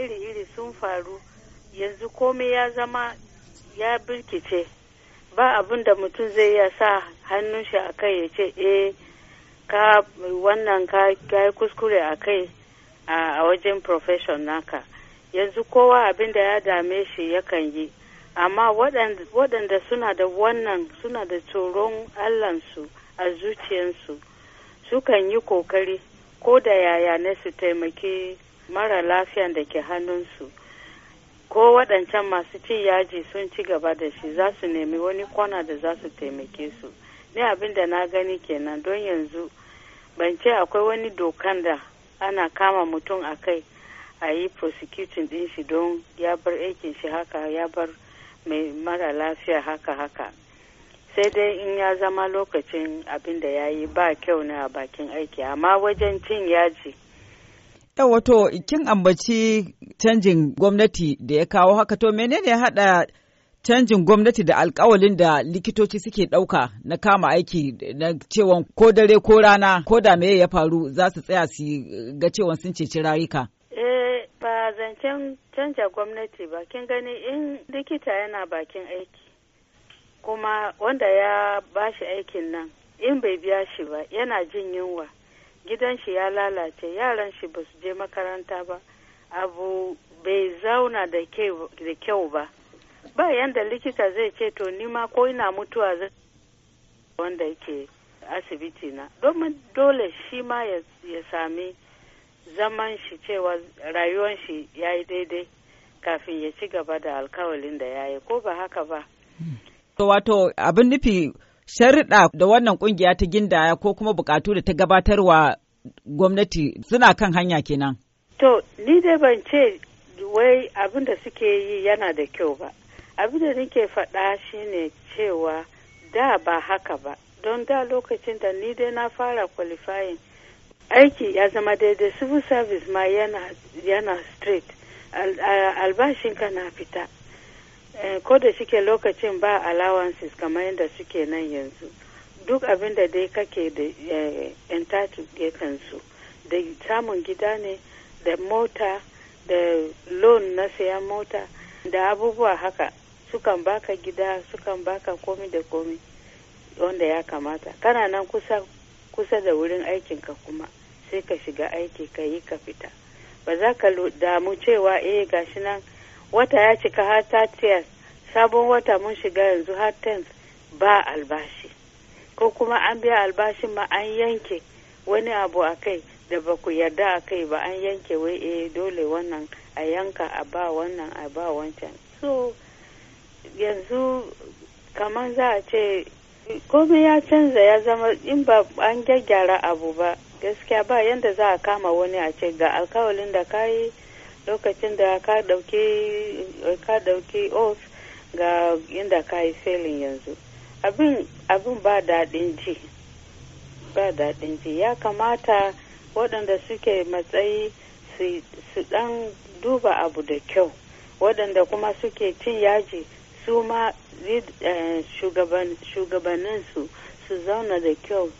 iri-iri sun faru yanzu komai ya zama ya birkice ba abin da mutum zai ya sa hannun shi a kai ya ce eh ka wannan ka yi kuskure a kai a wajen profession naka yanzu kowa abin da ya dame shi yakan yi amma waɗanda suna da wannan suna da tsoron allansu a zuciyarsu sukan yi kokari ko da yaya na su taimaki mara lafiyan da ke hannunsu ko waɗancan masu cin yaji sun ci gaba da shi za su nemi wani kwana da za su taimake su ne abin da na gani kenan don yanzu ban ce akwai wani dokan da ana kama mutum a kai a yi prosecuting din shi don ya bar aikin shi haka ya bar mai mara lafiya haka haka sai dai in ya zama lokacin abin da ya yi ba kyau ne a bakin aiki amma wajen cin yaji wato kin ambaci canjin gwamnati da ya kawo haka to menene ya haɗa canjin gwamnati da alkawalin da likitoci suke ɗauka na kama aiki na cewa ko dare ko rana ko da me ya faru za su tsaya su ga cewa sun ceci rayuka. Eh, ba zancen canja gwamnati ba kin gani in likita yana bakin aiki kuma wanda ya bashi aikin nan in bai biya shi ba yana jin yunwa gidan shi ya lalace yaran shi ba su je makaranta ba abu bai zauna da kyau ba ba yanda likita zai ce to nima ko ina mutuwa zai wanda yake asibiti na domin dole shi ma ya sami zaman shi cewa rayuwan shi ya yi daidai kafin ya ci gaba da alkawalin da ya yi ko ba haka ba. To wato abin nufi sharuɗa da wannan ƙungiya ta gindaya ko kuma buƙatu da ta gabatarwa gwamnati suna kan hanya kenan. To, ni dai ban ce wai abin da suke yi yana da kyau ba. Abin da nake faɗa ne cewa da ba haka ba. Don da lokacin da ni dai na fara qualifying aiki ya zama daidai civil service ma yana, yana straight. Al, al, albashinka na fita. Eh, ko da shike lokacin ba allowances kamar yadda suke nan yanzu duk abin da dai kake da eh, entitled ya kansu da samun gida ne da mota da loan na sayan mota da abubuwa haka sukan baka gida sukan baka komi da komi wanda ya kamata kana nan kusa kusa da wurin aikinka kuma sai ka shiga aiki ka yi ka fita ba za ka damu cewa eh gashi nan wata ya cika har 30 sabon wata mun shiga yanzu har 10 ba albashi ko kuma an biya albashin ma an yanke wani abu a kai da ba ku yarda a kai ba an yanke wai eh dole wannan a yanka a ba wannan a ba wancan so yanzu kamar za a ce komai ya canza ya zama in ba an gyaggyara abu ba gaskiya ba yadda za a kama wani a ce ga alkawalin da kayi lokacin da ka ɗauki off ga inda ka yi selin yanzu abin abin ba daɗin ji ba daɗin ji ya kamata waɗanda suke matsayi su ɗan duba abu da kyau waɗanda kuma suke cin yaji su ma eh, shugabanninsu su zauna da kyau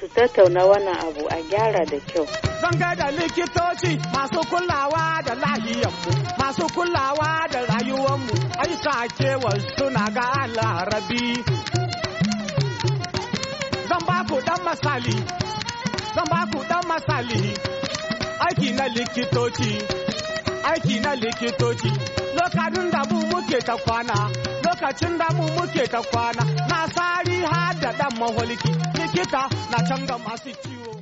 su tattauna wannan abu a gyara da kyau. Zan da likitoci masu kulawa da lahiyarmu, masu kulawa da rayuwarmu, ai kewar suna ga larabi. Zan ba ku dan masali, zan ba ku dan masali, aiki na likitoci. aiki na likitoci lokacin da mu muke ta kwana lokacin da mu muke ta kwana na sari har da dan maholiki likita na canza masu ciwo